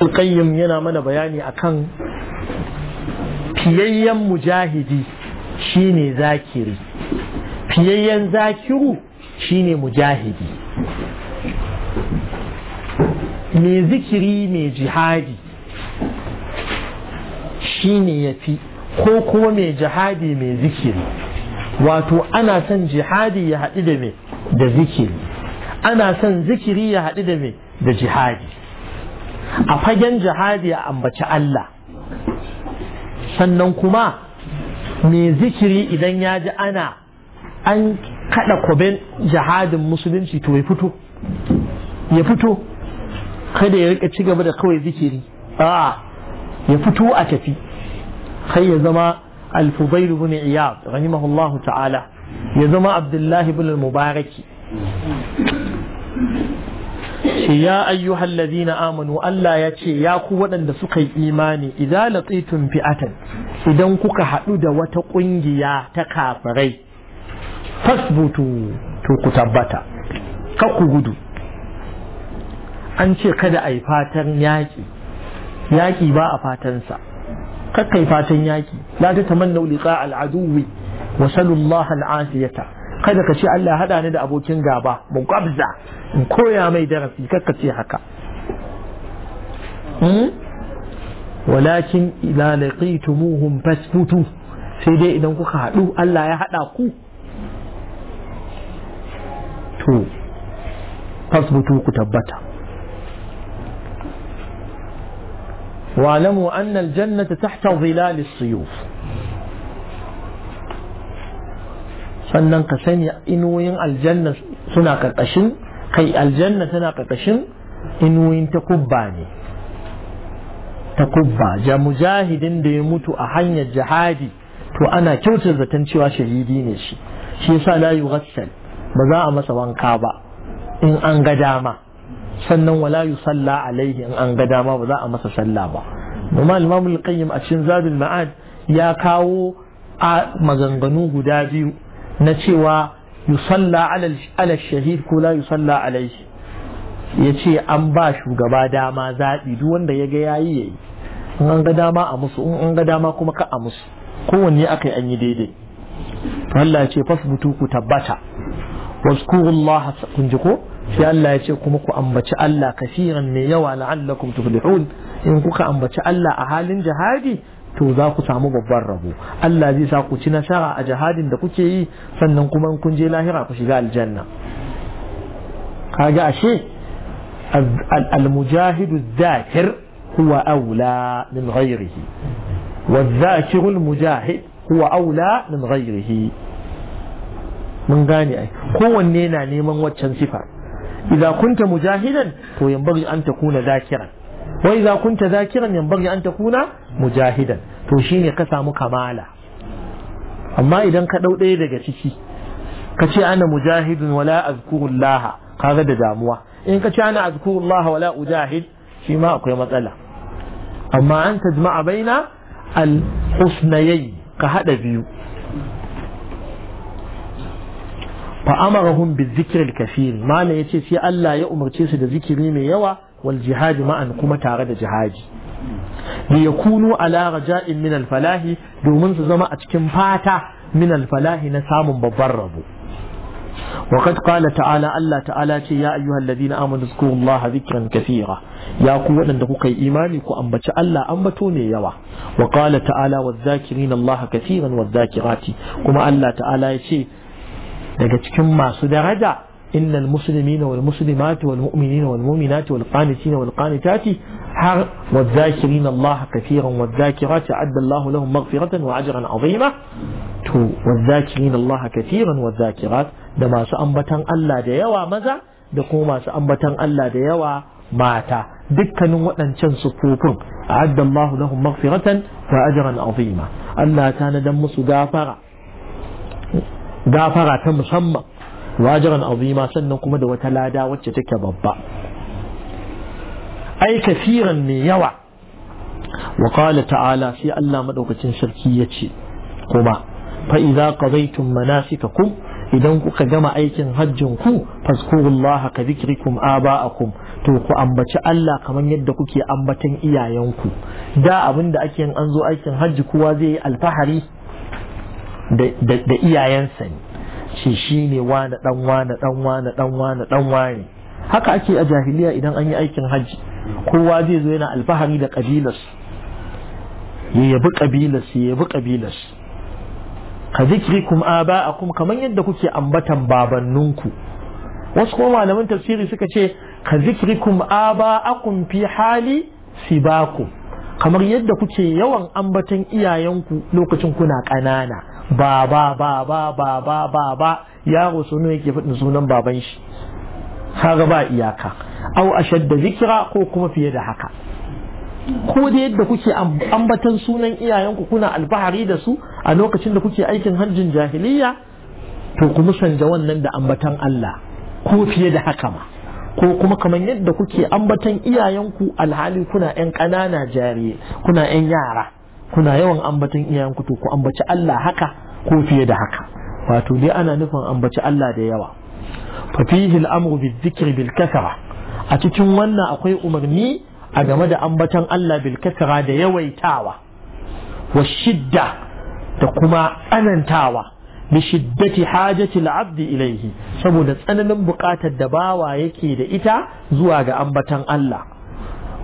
alƙayyim yana mana bayani akan fiyayyen mujahidi shine zakiri fiyayyen zakiru shine mujahidi mai zikiri mai jihadi shine ya fi ko kuma mai jihadi mai zikiri wato ana son jihadi ya haɗu da mai da zikiri ana son zikiri ya haɗu da mai da jihadi a fagen jihadi a ambaci Allah sannan kuma mai zikiri idan ya ji ana an kada kwaben jihadin musulunci to ya fito ya fito kada ya rika ci gaba da kawai zikiri a ya fito a tafi kai ya zama الفضيل بن عياض رحمه الله تعالى يزما عبد الله بن المبارك ce ya ayyuhal na amanu Allah ya ce ya ku waɗanda suka yi imani idza latitum fi'atan idan kuka haɗu da wata ƙungiya ta kafirai fasbutu to ku tabbata ka ku gudu an ce kada a yi fatan yaƙi yaƙi ba a fatansa kakkai fatan yaƙi la ta tamanna liqa al aduwi wa sallallahu al afiyata kada ka ce Allah hada ni da abokin gaba mu gabza in koya mai darasi kaka ce haka walakin ila laqitumuhum fasbutu sai dai idan kuka hadu Allah ya hada ku to fasbutu ku tabbata wa'lamu anna al-jannata tahta dhilal as-suyuf sannan ka sani inuwoyin aljanna suna karkashin kai aljanna tana karkashin inuwoyin ta kubba ne ta kubba ja mujahidin da ya mutu a hanyar jihadi to ana kyautar zaton cewa shahidi ne shi shi yasa la yughassal ba za a masa wanka ba in an ga dama sannan wala yusalla alaihi in an ga dama ba za a masa sallah ba amma al qayyim a cikin zadul ma'ad ya kawo a maganganu guda biyu na cewa yusalla ala shahid ko la yusalla alaihi ya ce an ba shugaba dama zaɓi duk wanda ya ga yayi yayi in an ga dama a musu an ga dama kuma ka a musu kowanne aka yi an yi daidai Allah ya ce fasbutu ku tabbata waskurullaha kun ji ko sai Allah ya ce kuma ku ambaci Allah kasiran mai yawa la'allakum tuflihun in kuka ambaci Allah a halin jihadi to za ku samu babban rabo Allah zai sa ku ci nasara a jihadin da kuke yi sannan kuma kun je lahira ku shiga aljanna kaga ashe al-mujahidu dhakir huwa aula min ghayrihi والذاكر المجاهد هو أولى من غيره من غاني أي هو النينا نيما واتشان صفر إذا كنت مجاهدا فينبغي أن تكون ذاكرا وإذا كنت ذاكرا ينبغي أن تكون مجاهدا توشيني قسم كمالا أما إذا كدو إيه دقشيشي كشي أنا مجاهد ولا أذكر الله هذا دجاموة إن كشي أنا أذكر الله ولا أجاهد فيما أقول مسألة أما أن تجمع بين الحسنيين كهذا بيو فأمرهم بالذكر الكثير ما لا يتي سي الله يأمر تيسي ذكري يوى wal jihadi ma'an kuma tare da jihadi li yakunu ala raja'in min al falahi domin su zama a cikin fata min al falahi na samun babban rabo وقد قال تعالى الله تعالى يا أيها الذين آمنوا اذكروا الله ذكرا كثيرا يا قوة أن تقوك إيماني أنبت الله أنبتوني يوا وقال تعالى والذاكرين الله كثيرا والذاكرات كما الله تعالى يشي daga cikin masu daraja إن المسلمين والمسلمات والمؤمنين والمؤمنات والقانتين والقانتات حق والذاكرين الله كثيرا والذاكرات أعد الله لهم مغفرة وأجرا عظيما تو والذاكرين الله كثيرا والذاكرات دما سأنبتن ألا ديوا مزا دقوما سأنبتن ألا ديوا ماتا دكن وأن شنس فوكم أعد الله لهم مغفرة وأجرا عظيما ألا كان دم سدافرة دافرة مصمم wajiran azima sannan kuma da wata lada wacce take babba ai kafiran mai yawa wa qala ta'ala sai Allah madaukakin sarki yace kuma fa idza qadaytum manasikakum idan kuka gama aikin hajjin ku fazkurullah ka zikrikum aba'akum to ku ambaci Allah kamar yadda kuke ambatan iyayenku da abinda ake an zo aikin hajji kowa zai yi alfahari da iyayensa ne ce shi ne wane dan wane dan wane dan wane dan wane haka ake a jahiliya idan an yi aikin hajji kowa zai zo yana alfahari da kabilas ya yabi kabilas ya yabi kabilas ka a kuma kamar yadda kuke ambatan babanninku wasu kuma malaman tafsiri suka ce ka ba aba'akum fi hali ku. kamar yadda kuke yawan ambatan iyayenku lokacin kuna ƙanana baba baba baba baba yaro sunan yake faɗin sunan baban shi kaga ba iyaka au ashadda zikira ko kuma fiye da haka ko da yadda kuke ambatan sunan iyayenku kuna alfahari da su a lokacin da kuke aikin hajjin jahiliya to ku da wannan da ambatan Allah ko fiye da haka ma ko kuma kamar yadda kuke ambatan iyayenku alhali kuna 'yan ƙanana jariye kuna 'yan yara kuna yawan ambatan iyayenku to ku ambaci Allah haka ko fiye da haka wato dai ana nufin ambaci Allah da yawa fa fihi al-amru bi-dhikri bil-kathra a cikin wannan akwai umarni a game da ambatan Allah bil-kathra da yawaitawa wa shidda da kuma tsanantawa bi shiddati hajati al-abdi ilayhi saboda tsananin buƙatar da bawa yake da ita zuwa ga ambatan Allah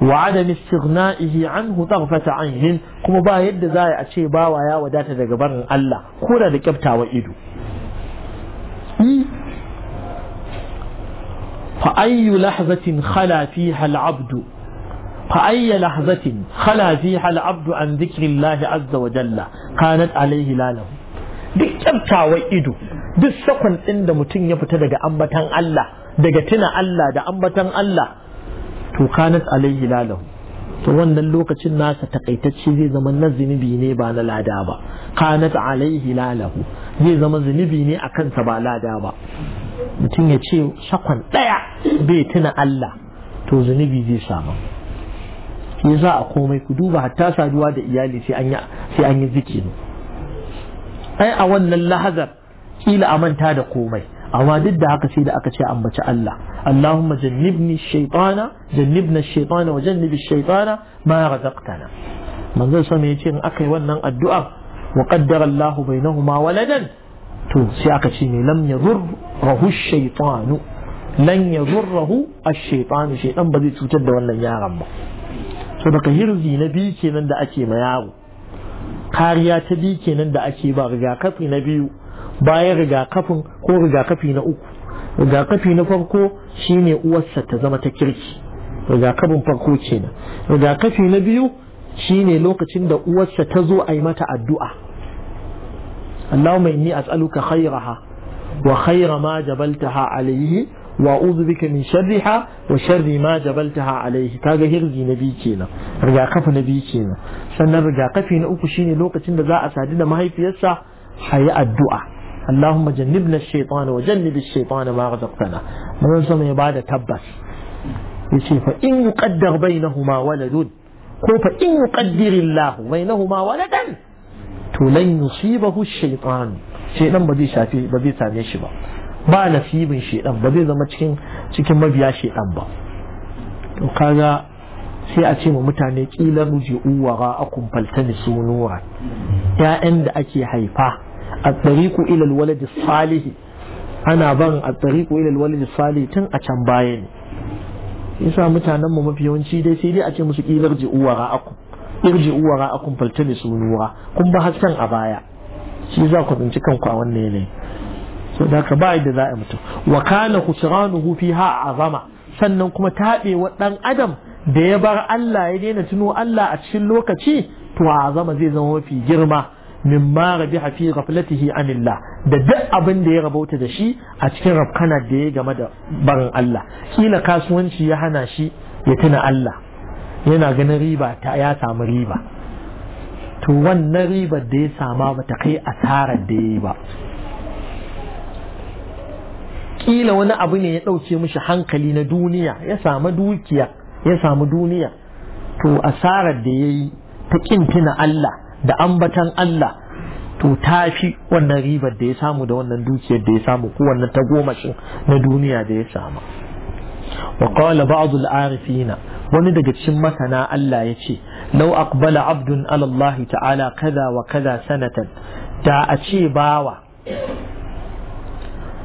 وعدم استغنائه عنه طغفة عنه كما با يد زاي أشي با ويا وداتا دقبر الله كورا لكبتا وإيدو فأي لحظة خلا فيها العبد فأي لحظة خلا فيها العبد عن ذكر الله عز وجل كانت عليه لاله duk kyamtawar ido duk sakon ɗin da mutum الله fita الله ambatan Allah daga الله to kanat alaihi lalahu to wannan lokacin nasa takaitacce zai zama na zunubi ne ba na lada ba kanat alaihi lalahu zai zama zunubi ne a kansa ba lada ba mutum ya ce sakon ɗaya bai tuna Allah to zunubi zai samu shi za a komai ku duba hatta saduwa da iyali sai an yi zikiri ai a wannan lahazar kila a manta da komai أوادد دعك سيدا أكشي أم بتش الله اللهم جنبني الشيطان جنبنا الشيطان وجنب الشيطان ما رزقتنا من ذا سميتي أكي ونن الدعاء وقدر الله بينهما ولدا تو سيأك لم يضره الشيطان لن يضره الشيطان شيئا بدي تجد ولا يا رب تو دك نبي كي نن ما ياو كاريا تبي كي نن دعكي بغيا كفي bayan rigakafin ko rigakafi na uku rigakafi na farko shine uwarsa ta zama ta kirki rigakafin farko kenan rigakafi na biyu shine lokacin da uwarsa ta zo a yi mata addu'a Allahumma inni as'aluka khairaha wa khaira ma jabaltaha alayhi wa uzu bika min sharriha wa sharri ma jabaltaha alayhi kaga hirzi na biyu kenan rigakafi na biyu kenan sannan rigakafi na uku shine lokacin da za a sadu da mahaifiyarsa a yi addu'a اللهم جنبنا الشيطان وجنب الشيطان ما رزقتنا من سما يبعد تبس يشي فإن يقدر بينهما ولد ko fa in yuqaddir Allah bainahuma waladan to lan yusibahu shaytan shaytan ba zai shafe ba zai same shi ba ba nasibin shaytan ba zai zama cikin cikin mabiya shaytan ba to kaga sai a ce ma mutane kila ruji'u wa ra'akum faltanisu nura ya'yan da ake haifa at-tariqu ila al-walad as-salih ana ban at-tariqu ila al-walad as-salih tun a can baya ne yasa mutanen mu mafi yawanci dai sai dai a ce musu kilar ji uwa ra'akum irji uwa ne faltani sunura kun ba hasken a baya shi za ku tsinci kanku a wannan ne. so da ka ba da za a mutum wa kana khusranuhu fiha azama sannan kuma tabewa dan adam da ya bar Allah ya daina tuno Allah a cikin lokaci to azama zai zama mafi girma mimma rabiha fi ghaflatihi anillah da duk abin da ya rabauta da shi a cikin rabkana da ya game da barin Allah kila kasuwanci ya hana shi ya tuna Allah yana ganin riba ta ya samu riba to wannan ribar da ya sama ba ta kai asarar da ya yi ba kila wani abu ne ya ɗauke mishi hankali na duniya ya samu dukiya ya samu duniya to asarar da ya yi ta ƙin tuna Allah da ambatan Allah to tafi wannan ribar da ya samu da wannan dukiyar da ya samu ko wannan tagomashin na duniya da ya samu wa qala ba'd al-arifina wani daga cikin masana Allah ya ce law aqbala abdun ala Allah ta'ala kaza wa kaza sanatan da a ce bawa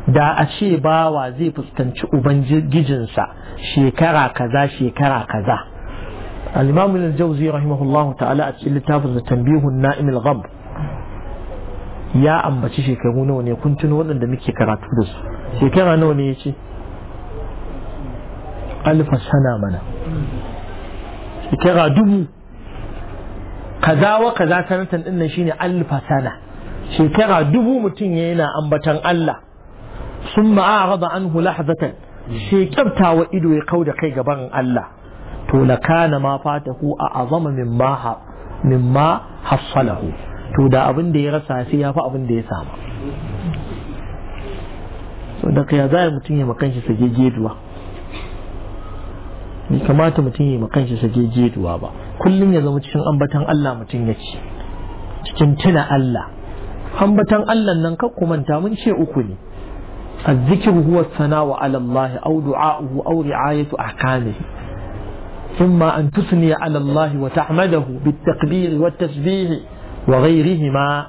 da a ce bawa zai fuskanci ubangijinsa shekara kaza shekara kaza al-imam al-jawzi a cikin littafin sa ya ambaci shekaru nawa ne kun tuno waɗanda muke karatu da su shekara nawa ne yace alfa sana mana shekara dubu kaza wa kaza sanatan din nan shekara dubu mutum yana ambatan Allah sun ma'arada anhu lahzatan shekarta wa ido ya kauda kai gaban Allah to lakana ma fatahu a azama mimma ma hassalahu to da abin da ya rasa sai ya fi abin da ya samu so da kaya za mutum ya makan shi sage jeduwa bai kamata mutum ya makan shi sage jeduwa ba kullum ya zama cikin ambatan Allah mutum ya ci cikin tuna Allah ambatan Allah nan ka kumanta mun ce uku ne الذكر هو الثناء على الله أو دعاؤه أو رعاية أحكامه ثم أن تثني على الله وتحمده بالتكبير والتسبيح وغيرهما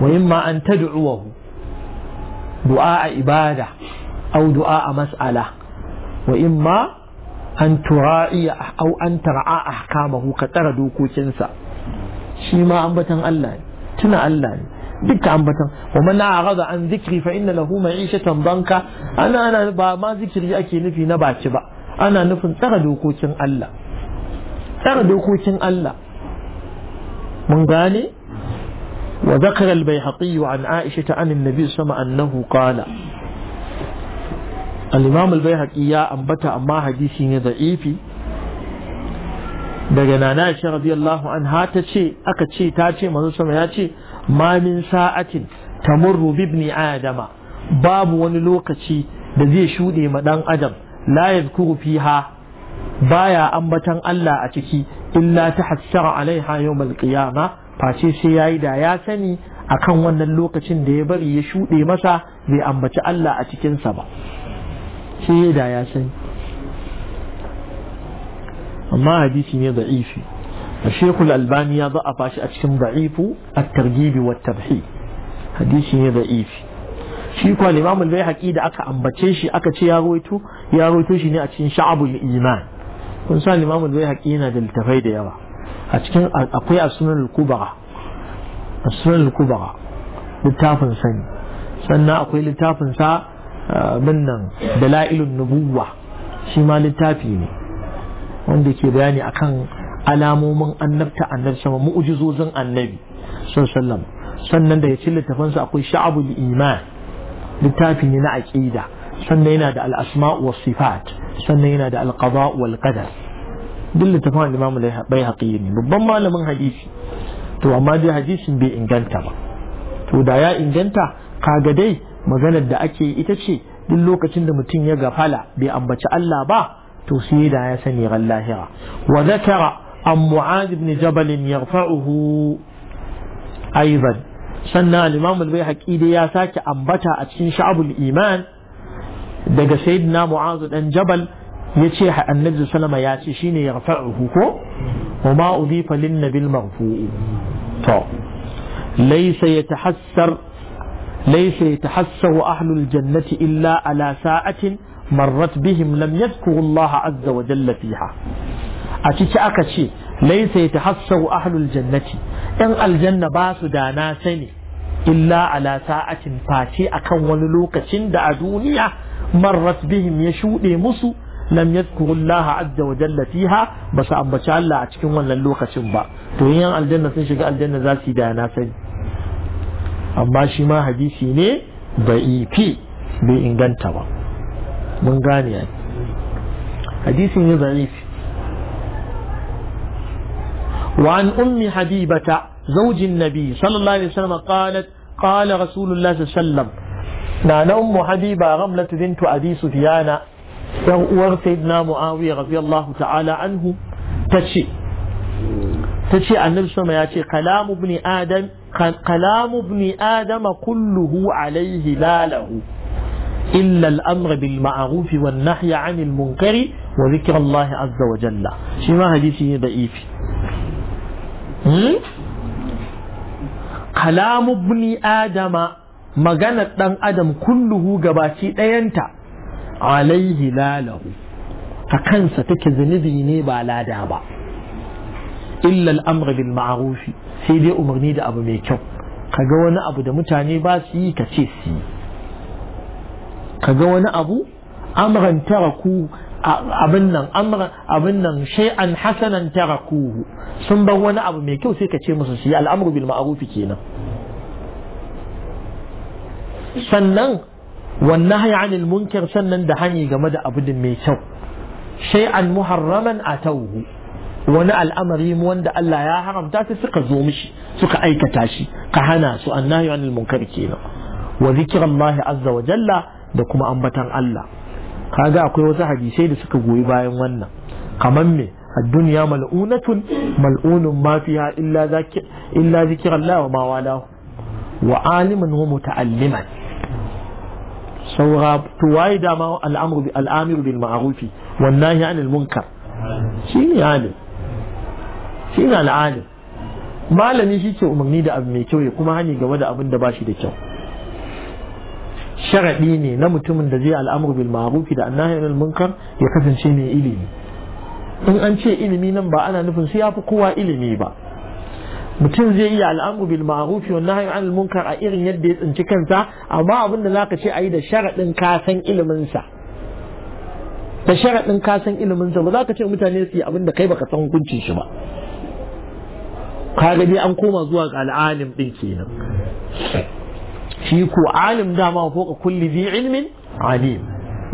وإما أن تدعوه دعاء عبادة أو دعاء مسألة وإما أن تراعي أو أن ترعى أحكامه كتردو كوشنسا شيما أنبتا الله تنا الله دك أنبتا ومن أعرض عن ذكري فإن له معيشة ضنكا أنا أنا ما ذكري أكي نفي نبات شبا ana nufin tsara dokokin Allah tsara dokokin Allah mun gane wa zakara al-bayhaqi an aisha ta anin sama annahu qala al-imam al-bayhaqi ya ambata amma hadisi ne da'ifi daga nana aisha radiyallahu anha ta ce aka ce ta ce manzo sama ya ce ma min sa'atin tamurru bi ibni adama babu wani lokaci da zai shuɗe ma ɗan adam la yadhkuru fiha baya ambatan Allah a ciki illa ta hassara alaiha yawmal qiyama face sai yayi da ya sani akan wannan lokacin da ya bari ya shuɗe masa bai ambaci Allah a cikinsa ba sai da ya sani amma hadisi ne da'ifi الشيخ الألباني يضع باش أشكم ضعيف الترجيب والتبحيد حديث ضعيف shi kuwa limamul bai haƙi da aka ambace shi aka ce ya ya shi ne a cikin sha'abul iman kun sa limamu zai haƙi yana da littafai da yawa a cikin akwai asunan kubara asunan kubara littafin sani sannan akwai littafin sa ah, bin nan dalailun nubuwa shi ma littafi ne wanda ke bayani akan alamomin annabta annabi ma mu'jizozin annabi sallallahu sannan da ya ci littafansa akwai sha'abul iman littafi ne na aqida sannan yana da al'asma wa sifat sannan yana da alƙaba wa alƙadar. duk littafin Imam Baihaqi ne babban malamin hadisi to amma dai hadisin bai inganta ba to da ya inganta kaga dai maganar da ake ita ce duk lokacin da mutum ya gafala bai ambaci Allah ba to sai da ya sani ran lahira wa zakara an mu'adh ibn jabal yarfa'uhu aidan sannan al bai al dai ya sake ambata a cikin sha'abul iman daga sayyidina mu'azu dan jabal yace annabi sallama ya ce shine ya rafa'uhu ko wa ma udhifa lin nabil marfu'u to laysa yatahassar laysa yatahassahu ahlul jannati illa ala sa'atin marrat bihim lam yadhkuru Allah azza wa jalla fiha a ciki aka ce laysa yatahassau ahlul jannati in aljanna ba su da na sani illa ala sa'atin face akan wani lokacin da a duniya مرت بهم يشوء مسو لم يذكر الله عز وجل فيها بس أبتش الله أتكون ولا اللوكة شنبا تويان الجنة سنشق الجنة ذاتي دانا سن أما شما حديثي ني ضعيفي بإنغانتا من غاني يعني حديثي ني ضعيف وعن أم حبيبة زوج النبي صلى الله عليه وسلم قالت قال رسول الله صلى الله عليه وسلم نانا أم حبيبة غملة بنت أبي سفيان يغور سيدنا معاوية رضي الله تعالى عنه تشي تشي أن صلى الله كلام ابن آدم كلام ابن آدم كله عليه لا له إلا الأمر بالمعروف والنهي عن المنكر وذكر الله عز وجل شما حديثي ضعيف كلام ابن آدم maganar ɗan adam kulluhu gabaci ɗayanta alaihi lalahu a kansa take zunubi ne ba lada ba illa al'amra bil ma'arufi sai dai umarni da abu mai kyau kaga wani abu da mutane ba su yi ka ce su yi kaga wani abu amran taraku abin nan abin nan shay'an hasanan tarakuhu sun bar wani abu mai kyau sai ka ce musu su yi al'amru bil ma'arufi kenan sannan wannan haya munkar sannan da hani game da abudin mai kyau shay'an muharraman a tauhu wani al'amari wanda Allah ya haramta sai suka zo mishi suka aikata shi ka hana su annahi anil munkar kenan wa zikrullah azza wa jalla da kuma ambatan Allah kaga akwai wasu hadisai da suka goyi bayan wannan kamar me الدنيا ملعونة ملعون ما فيها إلا ذكر إلا ذكر الله وما والاه وعالما ومتعلما saura to waye dama al'amru bil bil ma'rufi wan nahi anil munkar shine alim al'alim malami shi ke umarni da abu mai kyau ya kuma hani game da abin da ba shi da kyau sharaɗi ne na mutumin da zai al'amur bil ma'rufi da annahi anil munkar ya kasance mai ilimi in an ce ilimi nan ba ana nufin sai ya fi kowa ilimi ba mutum zai iya al'amu bil ma'ruf wa nahyi anil munkar a irin yadda ya tsinci kansa amma abin da zaka ce ayi da sharadin ka san ilimin sa da sharadin ka san ilimin sa ba zaka ce mutane su yi abin da kai baka san hukuncin shi ba kaga dai an koma zuwa ga al'alim din kenan shi ko alim dama foka kulli bi ilmin alim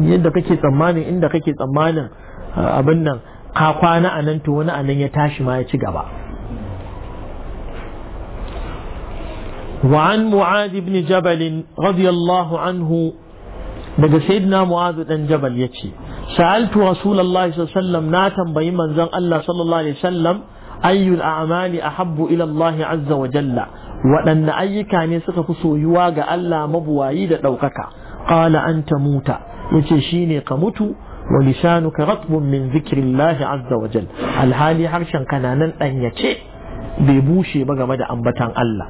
yadda kake tsammanin inda kake tsammanin abin nan ka kwana anan to wani anan ya tashi ma ya ci gaba وعن معاذ بن جبل رضي الله عنه daga sayyidina mu'azu dan jabal yace sa'altu rasulullahi sallallahu alaihi na tambayi manzon Allah sallallahu alaihi wasallam ayyul a'mali ahabbu ila Allah azza wa jalla waɗanne ayyuka ne suka fi soyuwa ga Allah mabuwayi da ɗaukaka qala an tamuta yace shine ka mutu wa lisanuka ratbun min zikrillah azza wa jalla alhali harshen kananan dan yace bai bushe ba game da ambatan Allah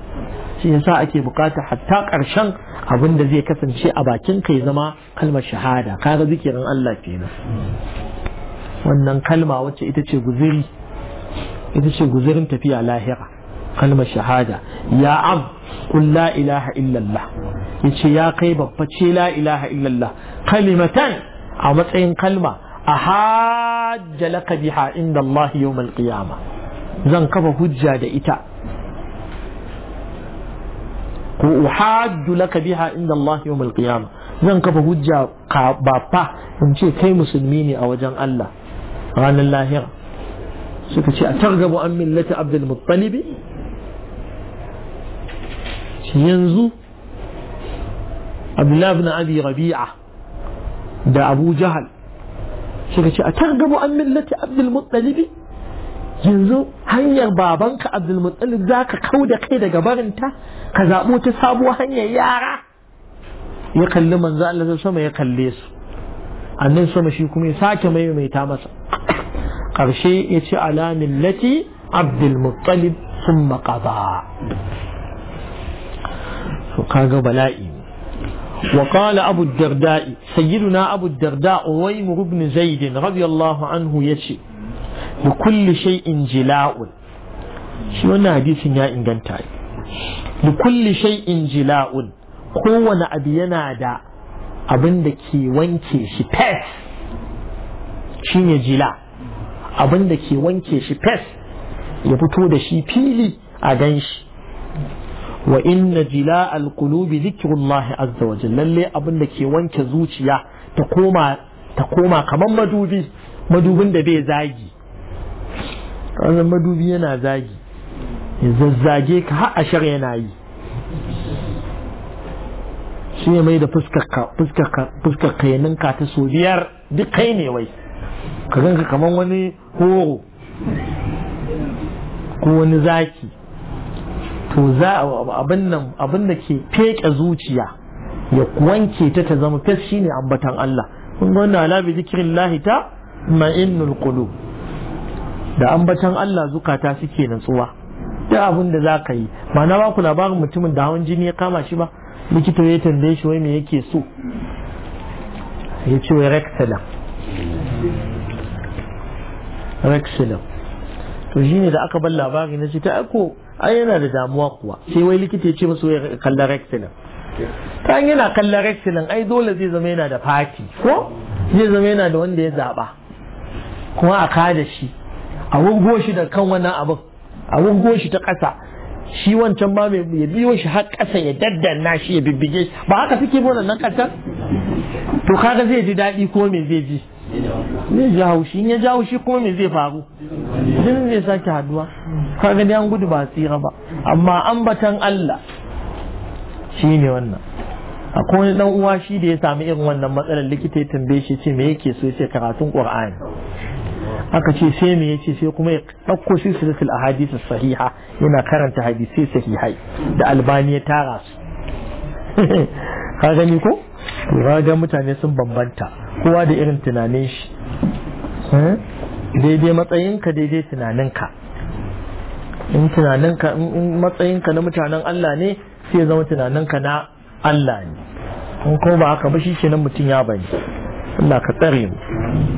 shi yasa ake bukata hatta karshen abin da zai kasance a bakin kai zama kalmar shahada kaga zikirin Allah kenan wannan kalma wacce ita ce guziri ita ce guzirin tafiya lahira kalmar shahada ya ab kun la ilaha illallah ya ce ya kai babba ce la ilaha illallah kalimatan a matsayin kalma a hajja laka biha inda Allah yawmal qiyama zan kafa hujja da ita ko uhaddu laka biha inda Allah yawm al-qiyamah zan kafa hujja ka bafa in ce kai musulmi ne a wajen Allah ranar lahira suka ce a targabu an millati abdul muttalibi yanzu abdullahi ibn abi rabi'a da abu jahal suka ce a targabu an millati abdul muttalibi yanzu hanyar babanka abdul muttalib zaka kauda kai daga barinta ka zaɓo ta sabuwar hanyar yara ya kalli manzo Allah sama ya kalle su annan sama shi kuma ya sake maimaita masa ƙarshe ya ce ala millati abdul muttalib sun maƙaba to kaga bala'i وقال أبو الدرداء سيدنا أبو الدرداء ويمر بن زيد رضي الله عنه يشي لكل شيء جلاء شو أنا حديث يا إنجنتاي li kulli shay'in jila'un kowane abu yana da abin da ke wanke shi fes shine jila abin da ke wanke shi fes ya fito da shi fili a gan shi wa inna jila alqulubi zikrullahi azza wa lalle abin da ke wanke zuciya ta koma kamar madubi madubin da bai zagi wannan madubi yana zagi ya zazzage ka har ashar yana yi shi ne mai da fuskar ka ninka ta so biyar duk kai ne wai ka ganka kamar wani horo ko wani zaki to za abin nan abin da ke feke zuciya ya wanke ta ta zama fes shi ne ambatan Allah kun ga wannan zikirin lahita zikrillah ta ma'innul da ambatan Allah zukata suke natsuwa duk abin da za ka yi ba na ba labarin mutumin da hawan jini ya kama shi ba likita ya tambaye shi wai me yake so ya ce wai rexelam rexelam to shi ne da aka bar labari na ce ta aiko ai yana da damuwa kuwa sai wai likita ya ce masu wai kalla rexelam ta yana kalla rexelam ai dole zai zama yana da fati ko zai zama yana da wanda ya zaba kuma a kada shi a wurgo shi da kan wannan abin a wurgo shi ta ƙasa shi wancan ba mai ya biyo shi har ƙasa ya daddanna shi ya bibbige shi ba haka suke bi wannan ƙasar? to kaga zai ji daɗi ko me zai ji zai ji haushi in ya ji haushi ko me zai faru jinin zai sake haduwa kaga dai an gudu ba tsira ba amma ambatan Allah shi ne wannan akwai wani dan uwa shi da ya sami irin wannan matsalar likita ya tambaye shi ce me yake so ce karatun qur'ani aka ce sai me yace sai kuma ya ɗauko silsilatul ahadith sahiha yana karanta hadisi sahihai da albani ya tara su ka gani ko ga mutane sun bambanta kowa da irin tunanin shi eh? daidai matsayinka daidai tunaninka in tunaninka in matsayinka na mutanen Allah ne sai zama tunaninka na Allah ne in ko ba haka ba shi kenan mutum ya bani Allah ka tsare mu